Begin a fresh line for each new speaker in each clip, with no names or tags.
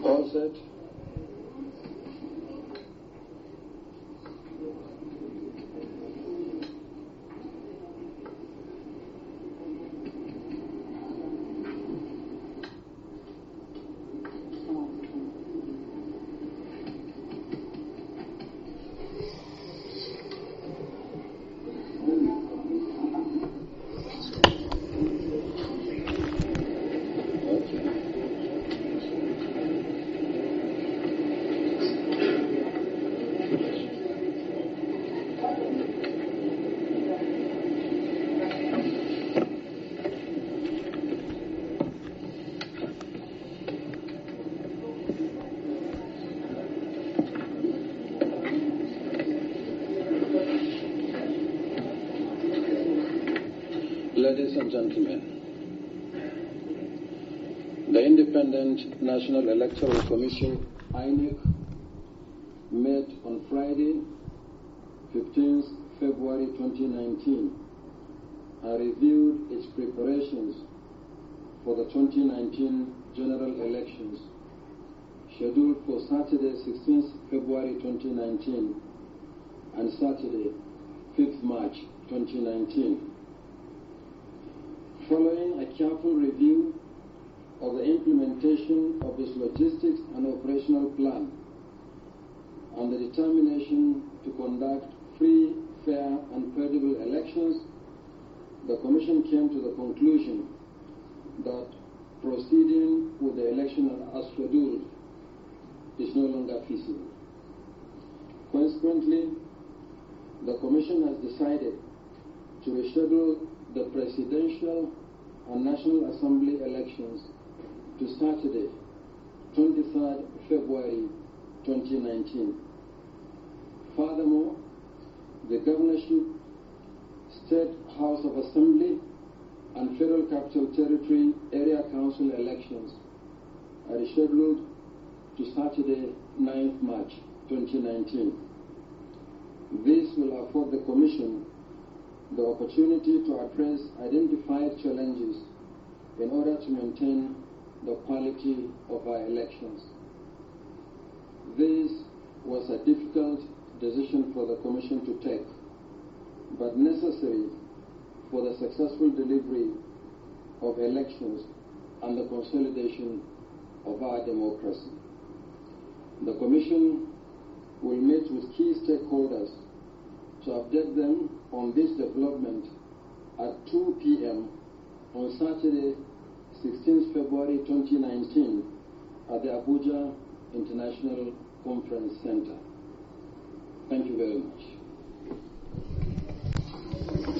closet ladies and gentlemen, the Independent National Electoral Commission, INEC, met on Friday, 15th February 2019, and reviewed its preparations for the 2019 general elections scheduled for Saturday, 16th February 2019 and Saturday, 5th March 2019 following a careful review of the implementation of its logistics and operational plan, and the determination to conduct free, fair, and credible elections, the Commission came to the conclusion that proceeding with the election as scheduled is no longer feasible. Consequently, the Commission has decided to reschedule the presidential and National Assembly elections to Saturday, 23rd February 2019. Furthermore, the governorship, state house of assembly, and federal capital territory area council elections are scheduled to Saturday, 9th March 2019. This will afford the Commission the opportunity to address identified challenges in order to maintain the quality of our elections. This was a difficult decision for the Commission to take, but necessary for the successful delivery of elections and the consolidation of our democracy. The Commission will meet with key stakeholders to update them on this development at 2 p.m. on Saturday, 16th February 2019 at the Abuja International Conference Center. Thank you very much.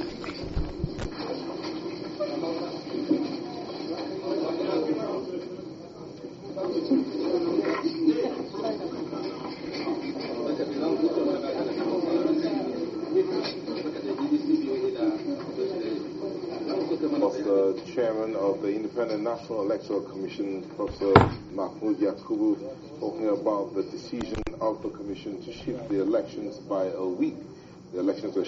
chairman of the Independent National Electoral Commission, Professor Mahmoud Yakubu, talking about the decision of the commission to shift the elections by a week. The elections were